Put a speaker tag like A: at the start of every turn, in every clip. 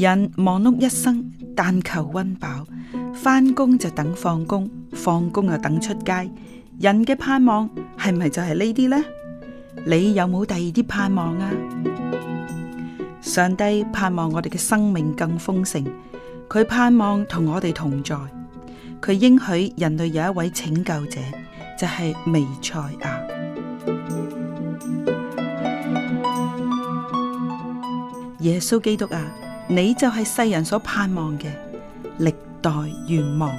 A: 人忙碌一生，但求溫飽，返工就等放工，放工又等出街。人嘅盼望係咪就係呢啲呢？你有冇第二啲盼望啊？上帝盼望我哋嘅生命更豐盛，佢盼望同我哋同在，佢應許人類有一位拯救者，就係彌賽亞，耶穌基督啊！你就係世人所盼望嘅，歷代願望。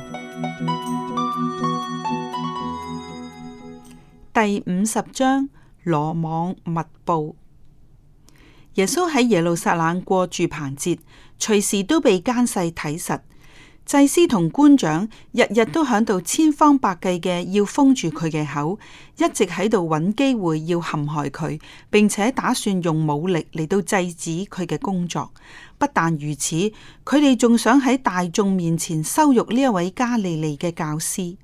A: 第五十章羅網密布。耶穌喺耶路撒冷過住棚節，隨時都被奸細睇實。祭司同官長日日都響度千方百計嘅要封住佢嘅口，一直喺度揾機會要陷害佢，並且打算用武力嚟到制止佢嘅工作。不但如此，佢哋仲想喺大眾面前羞辱呢一位加利利嘅教師。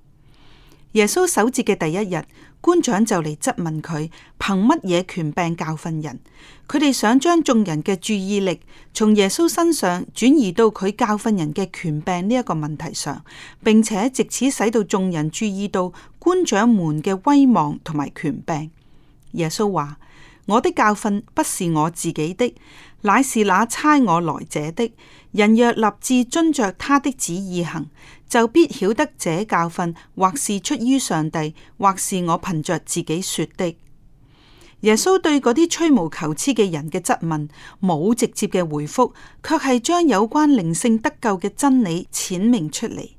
A: 耶穌守節嘅第一日，官長就嚟質問佢，憑乜嘢權柄教訓人？佢哋想將眾人嘅注意力從耶穌身上轉移到佢教訓人嘅權柄呢一個問題上，並且借此使到眾人注意到官長們嘅威望同埋權柄。耶穌話：我的教訓不是我自己的，乃是那差我來者的。人若立志遵着他的旨意行，就必曉得這教訓，或是出於上帝，或是我憑着自己說的。耶穌對嗰啲吹毛求疵嘅人嘅質問，冇直接嘅回覆，卻係將有關靈性得救嘅真理闡明出嚟。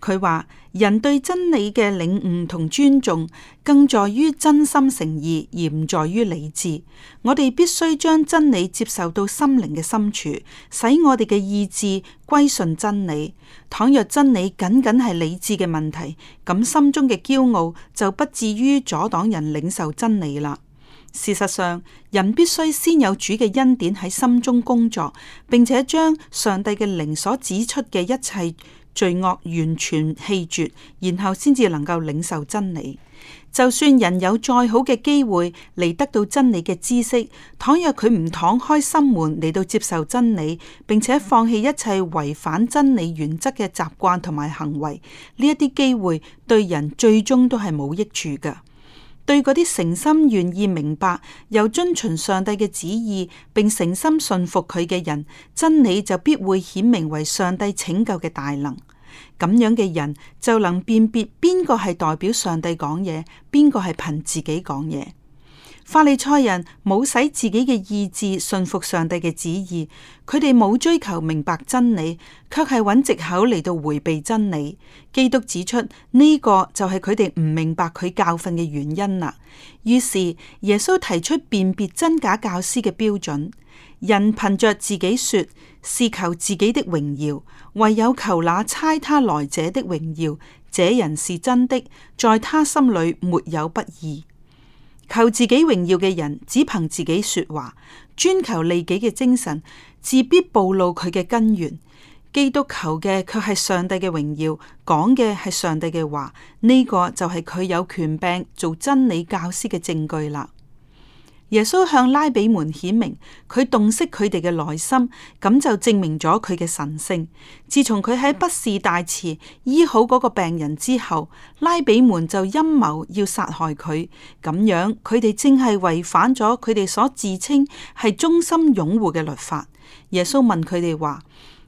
A: 佢話：人對真理嘅領悟同尊重，更在於真心誠意，而唔在於理智。我哋必須將真理接受到心靈嘅深處，使我哋嘅意志歸順真理。倘若真理僅僅係理智嘅問題，咁心中嘅驕傲就不至於阻擋人領受真理啦。事實上，人必須先有主嘅恩典喺心中工作，並且將上帝嘅靈所指出嘅一切。罪惡完全棄絕，然後先至能夠領受真理。就算人有再好嘅機會嚟得到真理嘅知識，倘若佢唔敞開心門嚟到接受真理，並且放棄一切違反真理原則嘅習慣同埋行為，呢一啲機會對人最終都係冇益處㗎。對嗰啲誠心願意明白，又遵從上帝嘅旨意，並誠心信服佢嘅人，真理就必會顯明為上帝拯救嘅大能。咁樣嘅人，就能辨別邊個係代表上帝講嘢，邊個係憑自己講嘢。法利賽人冇使自己嘅意志順服上帝嘅旨意，佢哋冇追求明白真理，却係揾借口嚟到回避真理。基督指出呢、這個就係佢哋唔明白佢教訓嘅原因啦。於是耶穌提出辨別真假教師嘅標準：人憑着自己說，是求自己的榮耀，唯有求那差他來者的榮耀，這人是真的，在他心裏沒有不義。求自己榮耀嘅人，只憑自己說話，專求利己嘅精神，自必暴露佢嘅根源。基督求嘅卻係上帝嘅榮耀，講嘅係上帝嘅話，呢個就係佢有權柄做真理教師嘅證據啦。耶穌向拉比們顯明，佢洞悉佢哋嘅內心，咁就證明咗佢嘅神性。自從佢喺不是大慈醫好嗰個病人之後，拉比門就陰謀們就陰謀要殺害佢，咁樣佢哋正係違反咗佢哋所自稱係忠心擁護嘅律法。耶穌問佢哋話：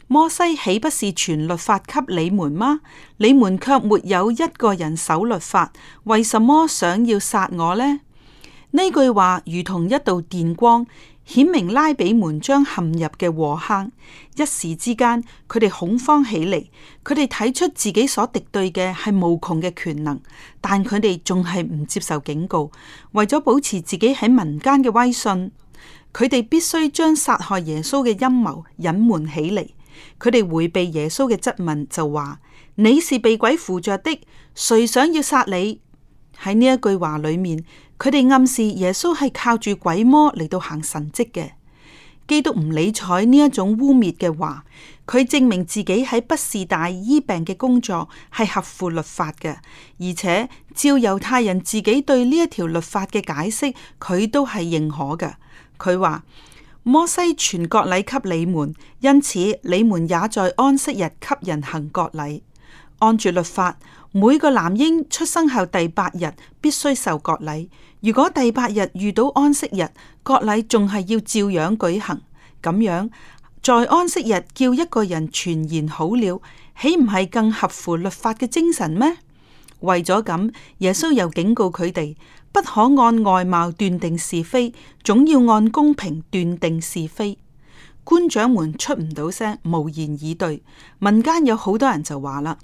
A: 摩西豈不是全律法給你們嗎？你們卻沒有一個人守律法，為什麼想要殺我呢？呢句話如同一道電光，顯明拉比們將陷入嘅禍坑。一時之間，佢哋恐慌起嚟，佢哋睇出自己所敵對嘅係無窮嘅權能，但佢哋仲係唔接受警告，為咗保持自己喺民間嘅威信，佢哋必須將殺害耶穌嘅陰謀隱瞞起嚟。佢哋回避耶穌嘅質問，就話：你是被鬼附着的，誰想要殺你？喺呢一句話裏面，佢哋暗示耶穌係靠住鬼魔嚟到行神蹟嘅，基督唔理睬呢一種污衊嘅話，佢證明自己喺不是大醫病嘅工作係合乎律法嘅，而且照猶太人自己對呢一條律法嘅解釋，佢都係認可嘅。佢話摩西傳割禮給你們，因此你們也在安息日給人行割禮，按住律法，每個男嬰出生後第八日必須受割禮。如果第八日遇到安息日，割禮仲係要照樣舉行。咁樣在安息日叫一個人全然好了，豈唔係更合乎律法嘅精神咩？為咗咁，耶穌又警告佢哋不可按外貌斷定是非，總要按公平斷定是非。官長們出唔到聲，無言以對。民間有好多人就話啦：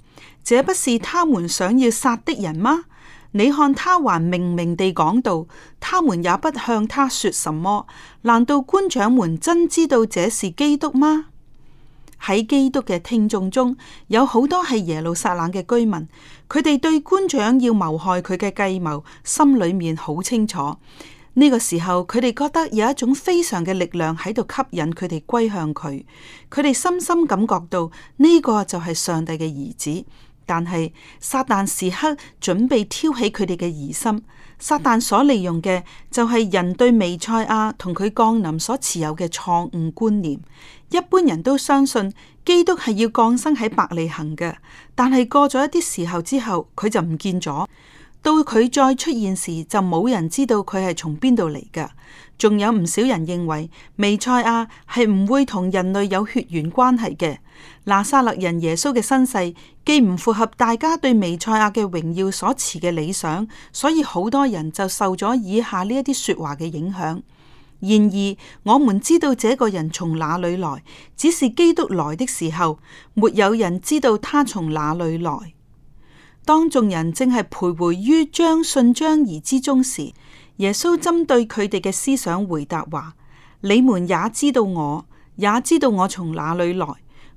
A: 這不是他們想要殺的人嗎？你看他還明明地講道，他們也不向他說什麼。難道官長們真知道這是基督嗎？喺基督嘅聽眾中，有好多係耶路撒冷嘅居民，佢哋對官長要謀害佢嘅計謀，心裏面好清楚。呢個時候，佢哋覺得有一種非常嘅力量喺度吸引佢哋歸向佢，佢哋深深感覺到呢、這個就係上帝嘅兒子。但係撒旦時刻準備挑起佢哋嘅疑心，撒旦所利用嘅就係人對彌賽亞同佢降臨所持有嘅錯誤觀念。一般人都相信基督係要降生喺百利行嘅，但係過咗一啲時候之後，佢就唔見咗。到佢再出現時，就冇人知道佢係從邊度嚟噶。仲有唔少人認為，彌賽亞係唔會同人類有血緣關係嘅。拿撒勒人耶穌嘅身世既唔符合大家對彌賽亞嘅榮耀所持嘅理想，所以好多人就受咗以下呢一啲說話嘅影響。然而，我們知道這個人從哪裏來，只是基督來的時候，沒有人知道他從哪裏來。當眾人正係徘徊於將信將疑之中時，耶穌針對佢哋嘅思想回答話：你們也知道我，也知道我從哪裏來。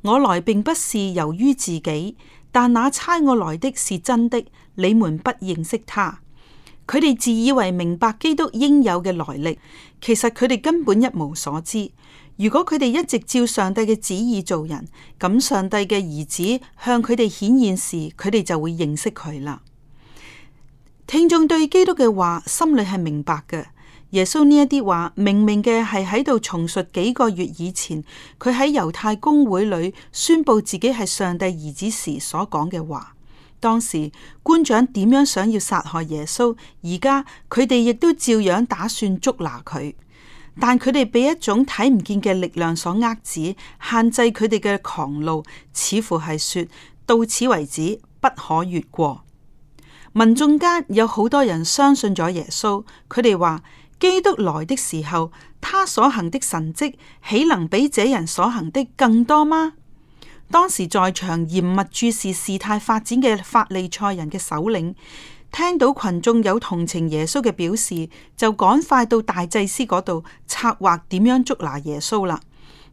A: 我來並不是由於自己，但那差我來的是真的。你們不認識他。佢哋自以為明白基督應有嘅來歷，其實佢哋根本一無所知。如果佢哋一直照上帝嘅旨意做人，咁上帝嘅兒子向佢哋顯現時，佢哋就會認識佢啦。聽眾對基督嘅話心裏係明白嘅。耶穌呢一啲話，明明嘅係喺度重述幾個月以前佢喺猶太公會裏宣佈自己係上帝兒子時所講嘅話。當時官長點樣想要殺害耶穌，而家佢哋亦都照樣打算捉拿佢。但佢哋俾一種睇唔見嘅力量所遏止，限制佢哋嘅狂怒，似乎係說到此為止，不可越過。民眾間有好多人相信咗耶穌，佢哋話：基督來的時候，他所行的神迹，豈能比這人所行的更多嗎？當時在場嚴密注視事態發展嘅法利賽人嘅首領。聽到群眾有同情耶穌嘅表示，就趕快到大祭司嗰度策劃點樣捉拿耶穌啦。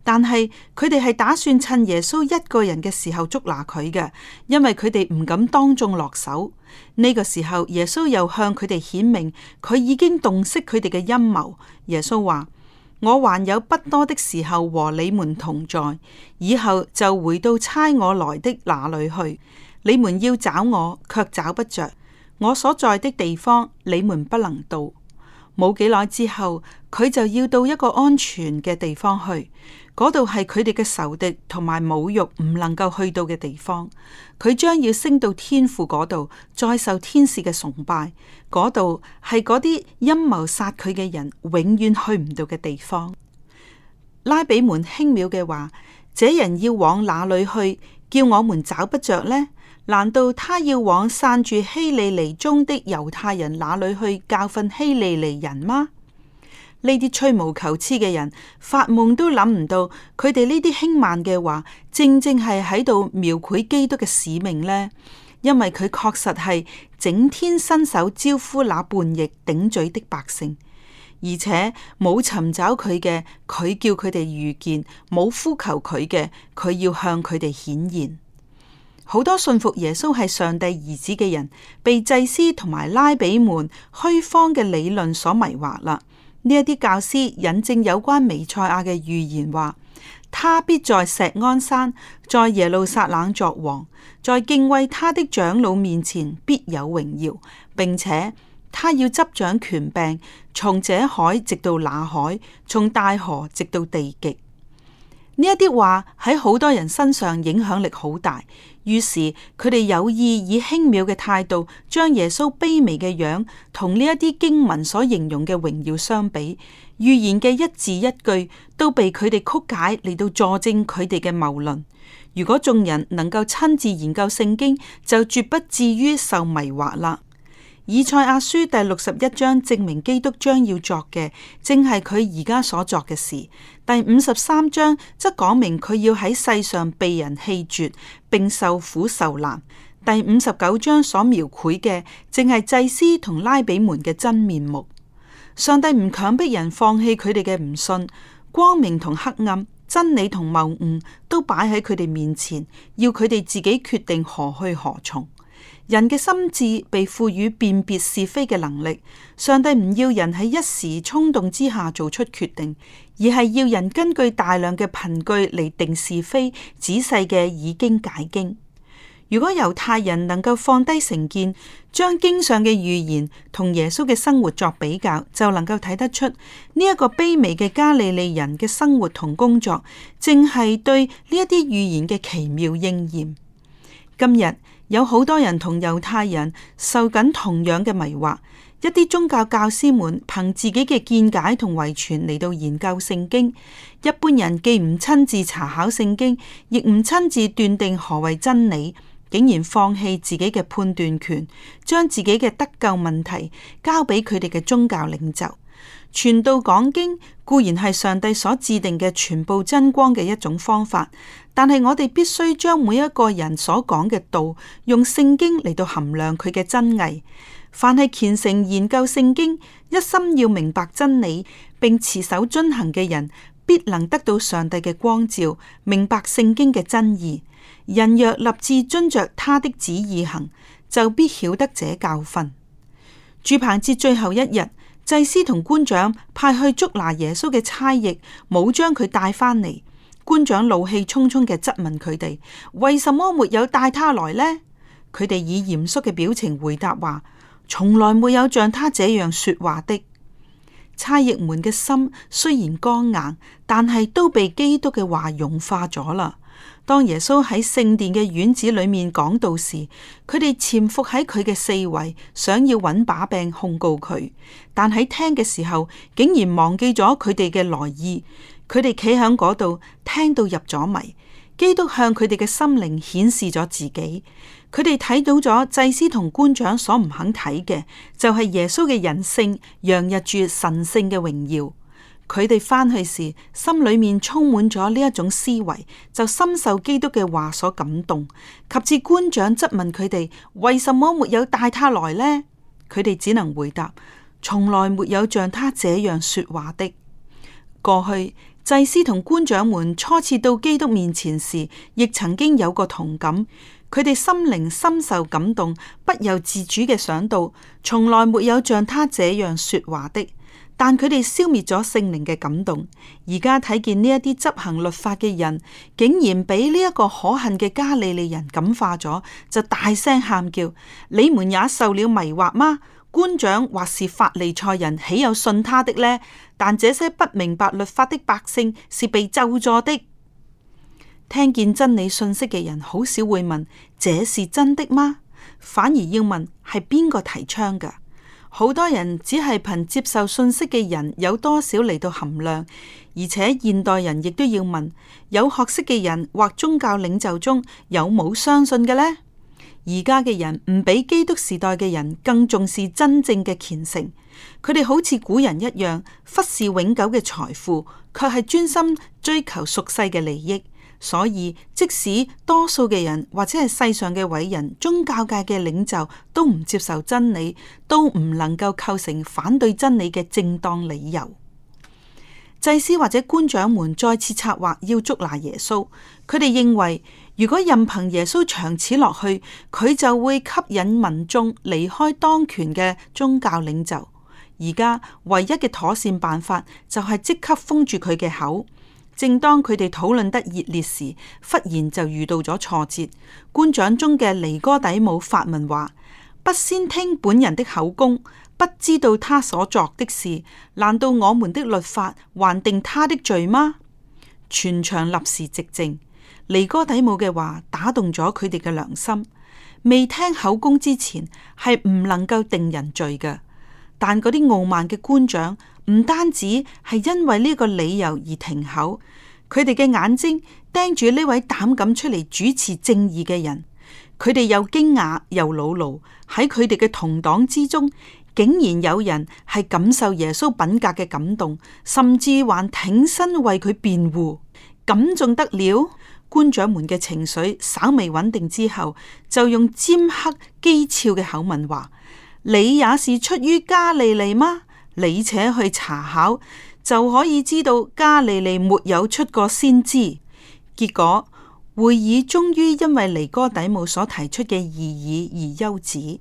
A: 但係佢哋係打算趁耶穌一個人嘅時候捉拿佢嘅，因為佢哋唔敢當眾落手。呢個時候，耶穌又向佢哋顯明佢已經洞悉佢哋嘅陰謀。耶穌話：「我還有不多的時候和你們同在，以後就回到差我來的那裡去。你們要找我，卻找不着。」我所在的地方，你們不能到。冇幾耐之後，佢就要到一個安全嘅地方去。嗰度係佢哋嘅仇敵同埋侮辱唔能夠去到嘅地方。佢將要升到天父嗰度，再受天使嘅崇拜。嗰度係嗰啲陰謀殺佢嘅人永遠去唔到嘅地方。拉比們輕蔑嘅話，這人要往哪裏去？叫我們找不着呢？難道他要往散住希利尼中的猶太人那裏去教訓希利尼人嗎？呢啲吹毛求疵嘅人，發夢都諗唔到，佢哋呢啲輕慢嘅話，正正係喺度描繪基督嘅使命呢。因為佢確實係整天伸手招呼那叛逆頂嘴的百姓，而且冇尋找佢嘅，佢叫佢哋遇見冇呼求佢嘅，佢要向佢哋顯現。好多信服耶穌係上帝兒子嘅人，被祭司同埋拉比們虛謊嘅理論所迷惑啦。呢一啲教師引證有關彌賽亞嘅預言，話他必在錫安山，在耶路撒冷作王，在敬畏他的長老面前必有榮耀，並且他要執掌權柄，從這海直到那海，從大河直到地極。呢一啲話喺好多人身上影響力好大，於是佢哋有意以輕蔑嘅態度，將耶穌卑微嘅樣同呢一啲經文所形容嘅榮耀相比，預言嘅一字一句都被佢哋曲解嚟到佐證佢哋嘅謬論。如果眾人能夠親自研究聖經，就絕不至於受迷惑啦。以賽亞書第六十一章證明基督將要作嘅，正係佢而家所作嘅事。第五十三章則講明佢要喺世上被人棄絕，並受苦受難。第五十九章所描繪嘅，正係祭司同拉比們嘅真面目。上帝唔強迫人放棄佢哋嘅唔信，光明同黑暗、真理同謬誤都擺喺佢哋面前，要佢哋自己決定何去何從。人嘅心智被賦予辨別是非嘅能力。上帝唔要人喺一時衝動之下做出決定。而係要人根據大量嘅憑據嚟定是非，仔細嘅以經解經。如果猶太人能夠放低成見，將經上嘅預言同耶穌嘅生活作比較，就能夠睇得出呢一個卑微嘅加利利人嘅生活同工作，正係對呢一啲預言嘅奇妙應驗。今日有好多人同猶太人受緊同樣嘅迷惑。一啲宗教教師們憑自己嘅見解同遺傳嚟到研究聖經，一般人既唔親自查考聖經，亦唔親自斷定何謂真理，竟然放棄自己嘅判斷權，將自己嘅得救問題交俾佢哋嘅宗教領袖。傳道講經固然係上帝所制定嘅全部真光嘅一種方法，但係我哋必須將每一個人所講嘅道用聖經嚟到衡量佢嘅真偽。凡係虔誠研究聖經，一心要明白真理並持守遵行嘅人，必能得到上帝嘅光照，明白聖經嘅真義。人若立志遵着他的旨意行，就必曉得這教訓。住棚節最後一日。祭司同官長派去捉拿耶穌嘅差役冇將佢帶返嚟，官長怒氣冲沖嘅質問佢哋：為什麼沒有帶他來呢？佢哋以嚴肅嘅表情回答話：從來沒有像他這樣說話的。差役們嘅心雖然剛硬，但係都被基督嘅話融化咗啦。當耶穌喺聖殿嘅院子裏面講道時，佢哋潛伏喺佢嘅四圍，想要揾把柄控告佢。但喺聽嘅時候，竟然忘記咗佢哋嘅來意。佢哋企喺嗰度聽到入咗迷。基督向佢哋嘅心靈顯示咗自己，佢哋睇到咗祭司同官長所唔肯睇嘅，就係、是、耶穌嘅人性，洋溢住神聖嘅榮耀。佢哋返去時，心裏面充滿咗呢一種思維，就深受基督嘅話所感動。及至官長質問佢哋，為什麼沒有帶他來呢？佢哋只能回答：從來沒有像他這樣說話的。過去祭司同官長們初次到基督面前時，亦曾經有過同感。佢哋心靈深受感動，不由自主嘅想到：從來沒有像他這樣說話的。但佢哋消滅咗聖靈嘅感動，而家睇見呢一啲執行律法嘅人，竟然俾呢一個可恨嘅加利利人感化咗，就大聲喊叫：你們也受了迷惑嗎？官長或是法利賽人，豈有信他的呢？但這些不明白律法的百姓，是被咒詛的。聽見真理信息嘅人，好少會問這是真的嗎？反而要問係邊個提倡㗎？好多人只係憑接受信息嘅人有多少嚟到衡量，而且現代人亦都要問有學識嘅人或宗教領袖中有冇相信嘅呢？而家嘅人唔比基督時代嘅人更重視真正嘅虔誠，佢哋好似古人一樣忽視永久嘅財富，卻係專心追求俗世嘅利益。所以，即使多數嘅人或者係世上嘅偉人、宗教界嘅領袖都唔接受真理，都唔能夠構成反對真理嘅正當理由。祭司或者官長們再次策劃要捉拿耶穌，佢哋認為如果任憑耶穌長此落去，佢就會吸引民眾離開當權嘅宗教領袖。而家唯一嘅妥善辦法就係即刻封住佢嘅口。正當佢哋討論得熱烈時，忽然就遇到咗挫折。官長中嘅尼哥底母發問話：不先聽本人的口供，不知道他所作的事，難道我們的律法還定他的罪嗎？全場立時寂靜。尼哥底母嘅話打動咗佢哋嘅良心。未聽口供之前，係唔能夠定人罪嘅。但嗰啲傲慢嘅官長。唔單止係因為呢個理由而停口，佢哋嘅眼睛盯住呢位膽敢出嚟主持正義嘅人，佢哋又驚訝又惱怒。喺佢哋嘅同黨之中，竟然有人係感受耶穌品格嘅感動，甚至還挺身為佢辯護，咁仲得了？官長們嘅情緒稍微穩定之後，就用尖刻譏誚嘅口吻話：你也是出於加利利嗎？你且去查考，就可以知道加利利沒有出過先知。結果會議終於因為尼哥底母所提出嘅異議而休止。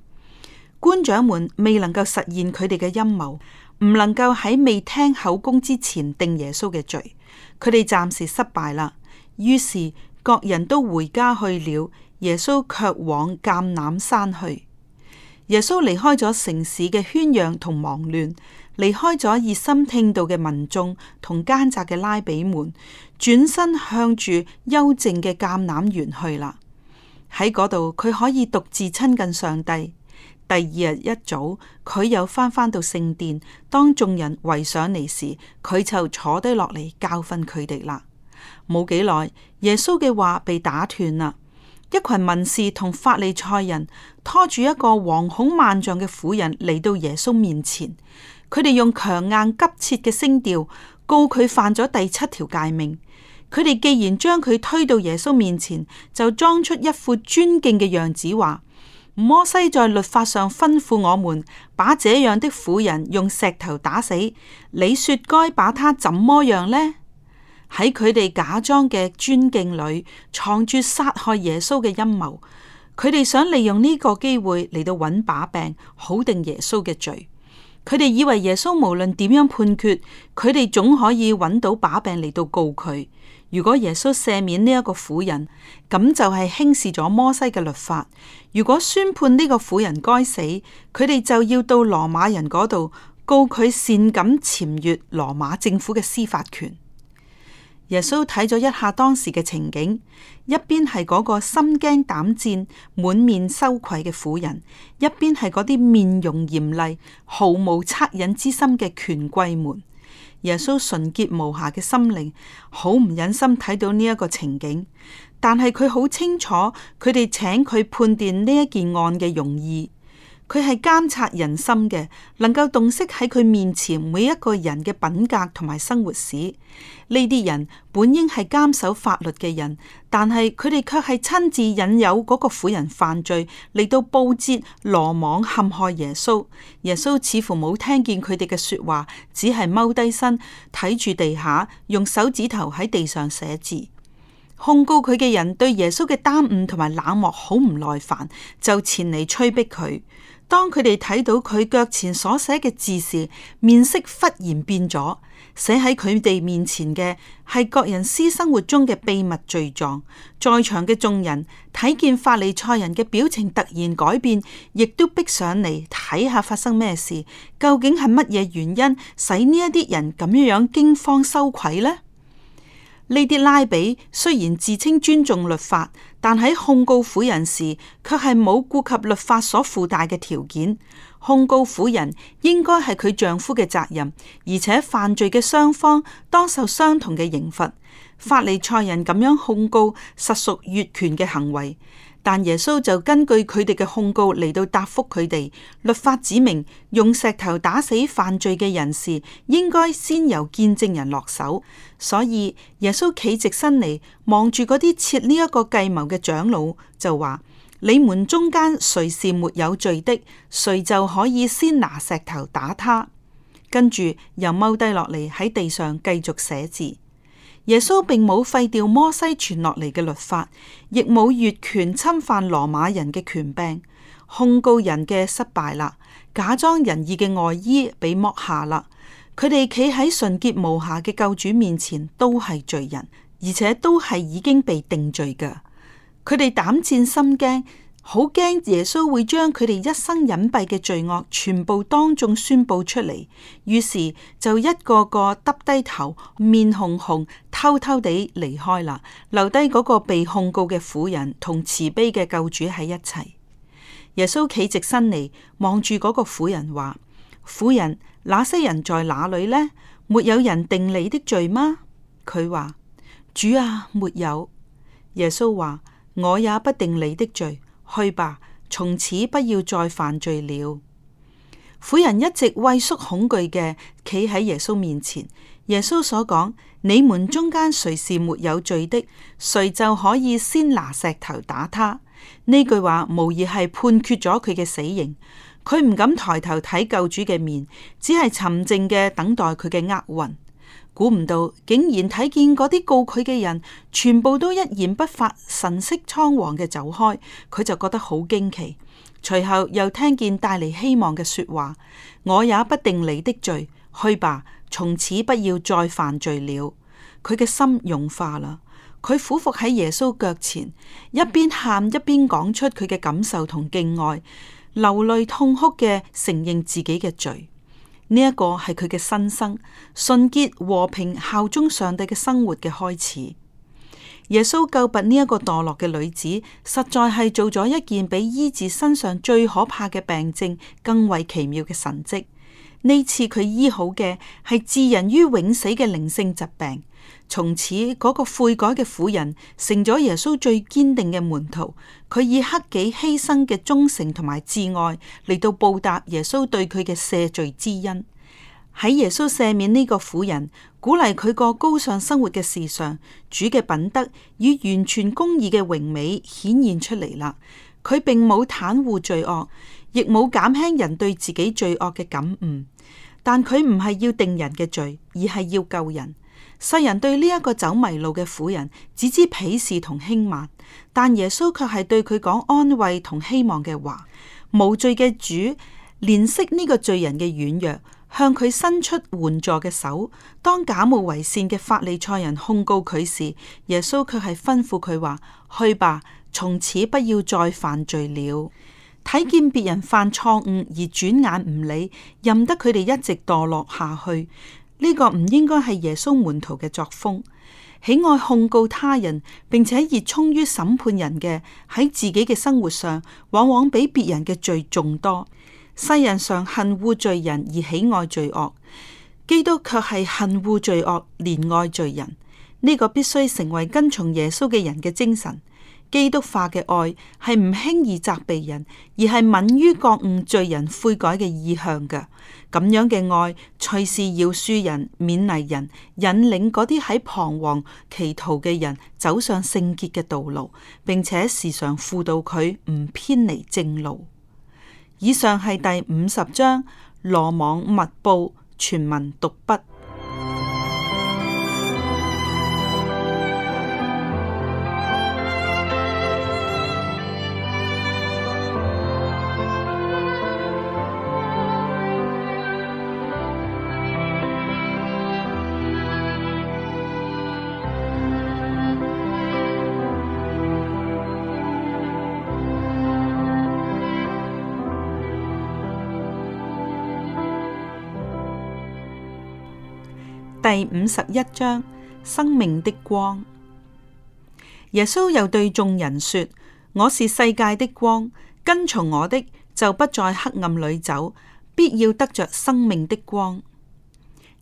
A: 官長們未能夠實現佢哋嘅陰謀，唔能夠喺未聽口供之前定耶穌嘅罪，佢哋暫時失敗啦。於是各人都回家去了，耶穌卻往橄欖山去。耶穌離開咗城市嘅喧嚷同忙亂。離開咗熱心聽道嘅民眾同奸詐嘅拉比們，轉身向住幽靜嘅橄欖園去啦。喺嗰度，佢可以獨自親近上帝。第二日一早，佢又翻返到聖殿，當眾人圍上嚟時，佢就坐低落嚟教訓佢哋啦。冇幾耐，耶穌嘅話被打斷啦。一群文士同法利賽人拖住一個惶恐萬丈嘅婦人嚟到耶穌面前。佢哋用強硬急切嘅聲調告佢犯咗第七條誡命。佢哋既然將佢推到耶穌面前，就裝出一副尊敬嘅樣子，話，摩西在律法上吩咐我們把這樣的婦人用石頭打死。你說該把他怎麼樣呢？喺佢哋假裝嘅尊敬裏，藏住殺害耶穌嘅陰謀。佢哋想利用呢個機會嚟到揾把柄，好定耶穌嘅罪。佢哋以為耶穌無論點樣判決，佢哋總可以揾到把柄嚟到告佢。如果耶穌赦免呢一個婦人，咁就係輕視咗摩西嘅律法。如果宣判呢個婦人該死，佢哋就要到羅馬人嗰度告佢，擅敢僭越羅馬政府嘅司法權。耶穌睇咗一下當時嘅情景，一邊係嗰個心驚膽戰、滿面羞愧嘅婦人，一邊係嗰啲面容嚴厲、毫無惻隱之心嘅權貴們。耶穌純潔無瑕嘅心靈，好唔忍心睇到呢一個情景，但係佢好清楚佢哋請佢判斷呢一件案嘅用意。佢係監察人心嘅，能夠洞悉喺佢面前每一個人嘅品格同埋生活史。呢啲人本應係監守法律嘅人，但係佢哋卻係親自引誘嗰個婦人犯罪嚟到布設羅網陷害耶穌。耶穌似乎冇聽見佢哋嘅說話，只係踎低身睇住地下，用手指頭喺地上寫字。控告佢嘅人對耶穌嘅耽誤同埋冷漠好唔耐煩，就前嚟催逼佢。當佢哋睇到佢腳前所寫嘅字時，面色忽然變咗。寫喺佢哋面前嘅係各人私生活中嘅秘密罪狀。在場嘅眾人睇見法利賽人嘅表情突然改變，亦都逼上嚟睇下發生咩事。究竟係乜嘢原因使呢一啲人咁樣驚慌羞愧呢？呢啲拉比雖然自稱尊重律法。但喺控告婦人時，卻係冇顧及律法所附帶嘅條件。控告婦人應該係佢丈夫嘅責任，而且犯罪嘅雙方當受相同嘅刑罰。法利賽人咁樣控告，實屬越權嘅行為。但耶穌就根據佢哋嘅控告嚟到答覆佢哋。律法指明，用石頭打死犯罪嘅人士，應該先由見證人落手。所以耶穌企直身嚟，望住嗰啲設呢一個計謀嘅長老，就話：你們中間誰是沒有罪的，誰就可以先拿石頭打他。跟住又踎低落嚟喺地上繼續寫字。耶穌並冇廢掉摩西傳落嚟嘅律法，亦冇越權侵犯羅馬人嘅權柄，控告人嘅失敗啦，假裝仁義嘅外衣被剝下啦，佢哋企喺純潔無瑕嘅救主面前都係罪人，而且都係已經被定罪嘅，佢哋膽戰心驚。好驚耶穌會將佢哋一生隱蔽嘅罪惡全部當眾宣布出嚟，於是就一個個耷低頭，面紅紅，偷偷地離開啦，留低嗰個被控告嘅婦人同慈悲嘅救主喺一齊。耶穌企直身嚟，望住嗰個婦人話：婦人，那些人在哪裡呢？沒有人定你的罪嗎？佢話：主啊，沒有。耶穌話：我也不定你的罪。去吧，從此不要再犯罪了。婦人一直畏縮恐懼嘅，企喺耶穌面前。耶穌所講：你們中間誰是沒有罪的，誰就可以先拿石頭打他。呢句話無疑係判決咗佢嘅死刑。佢唔敢抬頭睇救主嘅面，只係沉靜嘅等待佢嘅厄運。估唔到，竟然睇見嗰啲告佢嘅人，全部都一言不發，神色倉皇嘅走開，佢就覺得好驚奇。隨後又聽見帶嚟希望嘅說話，我也不定你的罪，去吧，從此不要再犯罪了。佢嘅心融化啦，佢俯伏喺耶穌腳前，一邊喊一邊講出佢嘅感受同敬愛，流淚痛哭嘅承認自己嘅罪。呢一個係佢嘅新生、純潔、和平、效忠上帝嘅生活嘅開始。耶穌救拔呢一個墮落嘅女子，實在係做咗一件比醫治身上最可怕嘅病症更為奇妙嘅神蹟。呢次佢醫好嘅係致人於永死嘅靈性疾病。從此，嗰、那個悔改嘅婦人成咗耶穌最堅定嘅門徒。佢以克己犧牲嘅忠誠同埋摯愛嚟到報答耶穌對佢嘅赦罪之恩。喺耶穌赦免呢個婦人，鼓勵佢過高尚生活嘅事上，主嘅品德以完全公義嘅榮美顯現出嚟啦。佢並冇袒護罪惡，亦冇減輕人對自己罪惡嘅感悟。但佢唔係要定人嘅罪，而係要救人。世人對呢一個走迷路嘅婦人只知鄙視同輕慢，但耶穌却係對佢講安慰同希望嘅話。無罪嘅主憐惜呢個罪人嘅軟弱，向佢伸出援助嘅手。當假冒為善嘅法利賽人控告佢時，耶穌却係吩咐佢話：去吧，從此不要再犯罪了。睇見別人犯錯誤而轉眼唔理，任得佢哋一直墮落下去。呢個唔應該係耶穌門徒嘅作風，喜愛控告他人，並且熱衷於審判人嘅，喺自己嘅生活上，往往比別人嘅罪仲多。世人常恨惡罪人而喜愛罪惡，基督卻係恨惡罪惡，憐愛罪人。呢、這個必須成為跟從耶穌嘅人嘅精神。基督化嘅愛係唔輕易責備人，而係敏於覺悟罪人悔改嘅意向嘅。咁樣嘅愛，隨時要恕人勉勵人，引領嗰啲喺彷徨歧途嘅人走上聖潔嘅道路，並且時常輔導佢唔偏離正路。以上係第五十章羅網密布全文讀畢。第五十一章，生命的光。耶穌又對眾人說：我是世界的光，跟從我的就不在黑暗裏走，必要得着生命的光。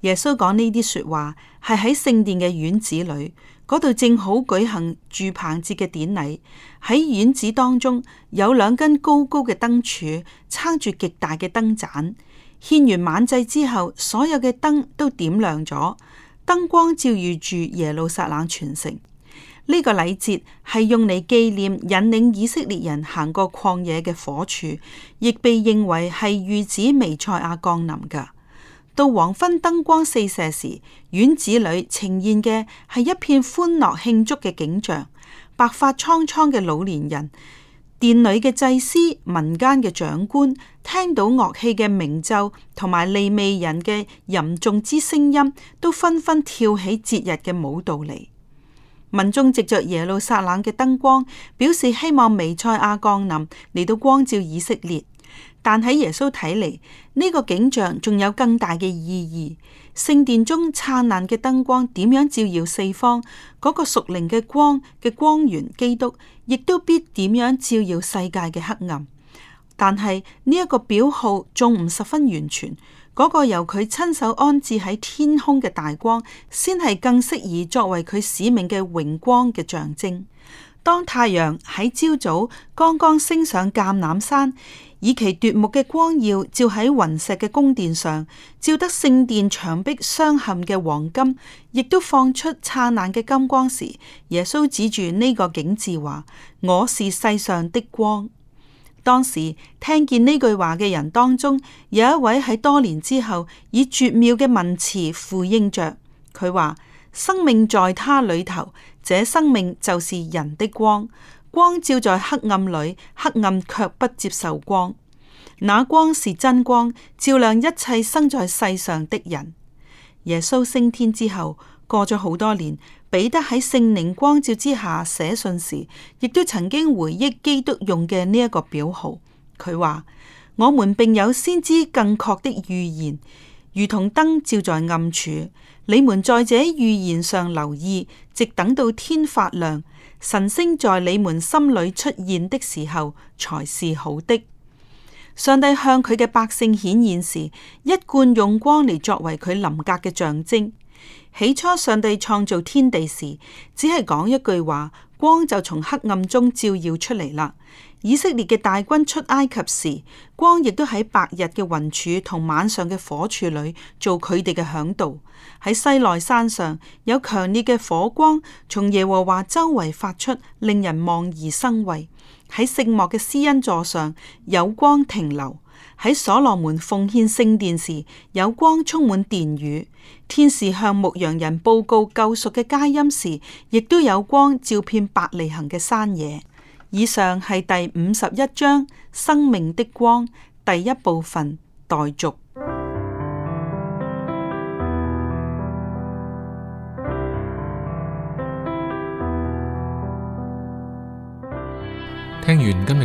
A: 耶穌講呢啲說話係喺聖殿嘅院子裏，嗰度正好舉行住棚節嘅典禮。喺院子當中有兩根高高嘅燈柱撐住極大嘅燈盞。獻完晚祭之後，所有嘅燈都點亮咗，燈光照耀住耶路撒冷全城。呢、這個禮節係用嚟紀念引領以色列人行過曠野嘅火柱，亦被認為係預指彌賽亞降臨。噶到黃昏燈光四射時，院子裏呈現嘅係一片歡樂慶祝嘅景象。白髮蒼蒼嘅老年人、殿裏嘅祭司、民間嘅長官。聽到樂器嘅鳴奏同埋利未人嘅吟誦之聲音，都紛紛跳起節日嘅舞蹈嚟。民眾藉着耶路撒冷嘅燈光，表示希望彌賽亞降臨嚟到光照以色列。但喺耶穌睇嚟，呢、這個景象仲有更大嘅意義。聖殿中燦爛嘅燈光點樣照耀四方？嗰、那個屬靈嘅光嘅光源基督，亦都必點樣照耀世界嘅黑暗。但係呢一個表號仲唔十分完全，嗰、那個由佢親手安置喺天空嘅大光，先係更適宜作為佢使命嘅榮光嘅象徵。當太陽喺朝早剛剛升上橄欖山，以其奪目嘅光耀照喺雲石嘅宮殿上，照得聖殿牆壁鑲嵌嘅黃金亦都放出燦爛嘅金光時，耶穌指住呢個景致話：「我是世上的光。」當時聽見呢句話嘅人當中，有一位喺多年之後以絕妙嘅文詞呼應着。佢話：生命在他裏頭，這生命就是人的光，光照在黑暗裏，黑暗卻不接受光。那光是真光，照亮一切生在世上的人。耶穌升天之後。過咗好多年，彼得喺聖靈光照之下寫信時，亦都曾經回憶基督用嘅呢一個表號。佢話：我們並有先知更確的預言，如同燈照在暗處。你們在這預言上留意，直等到天發亮，晨星在你們心裏出現的時候，才是好的。上帝向佢嘅百姓顯現時，一貫用光嚟，作為佢臨格嘅象徵。起初上帝創造天地時，只係講一句話，光就從黑暗中照耀出嚟啦。以色列嘅大軍出埃及時，光亦都喺白日嘅雲柱同晚上嘅火柱裏做佢哋嘅嚮導。喺西奈山上，有強烈嘅火光從耶和華周圍發出，令人望而生畏。喺聖幕嘅施恩座上，有光停留。喺所羅門奉獻聖殿時，有光充滿殿宇；天使向牧羊人報告救贖嘅佳音時，亦都有光照遍伯利恆嘅山野。以上係第五十一章《生命的光》第一部分待續。待續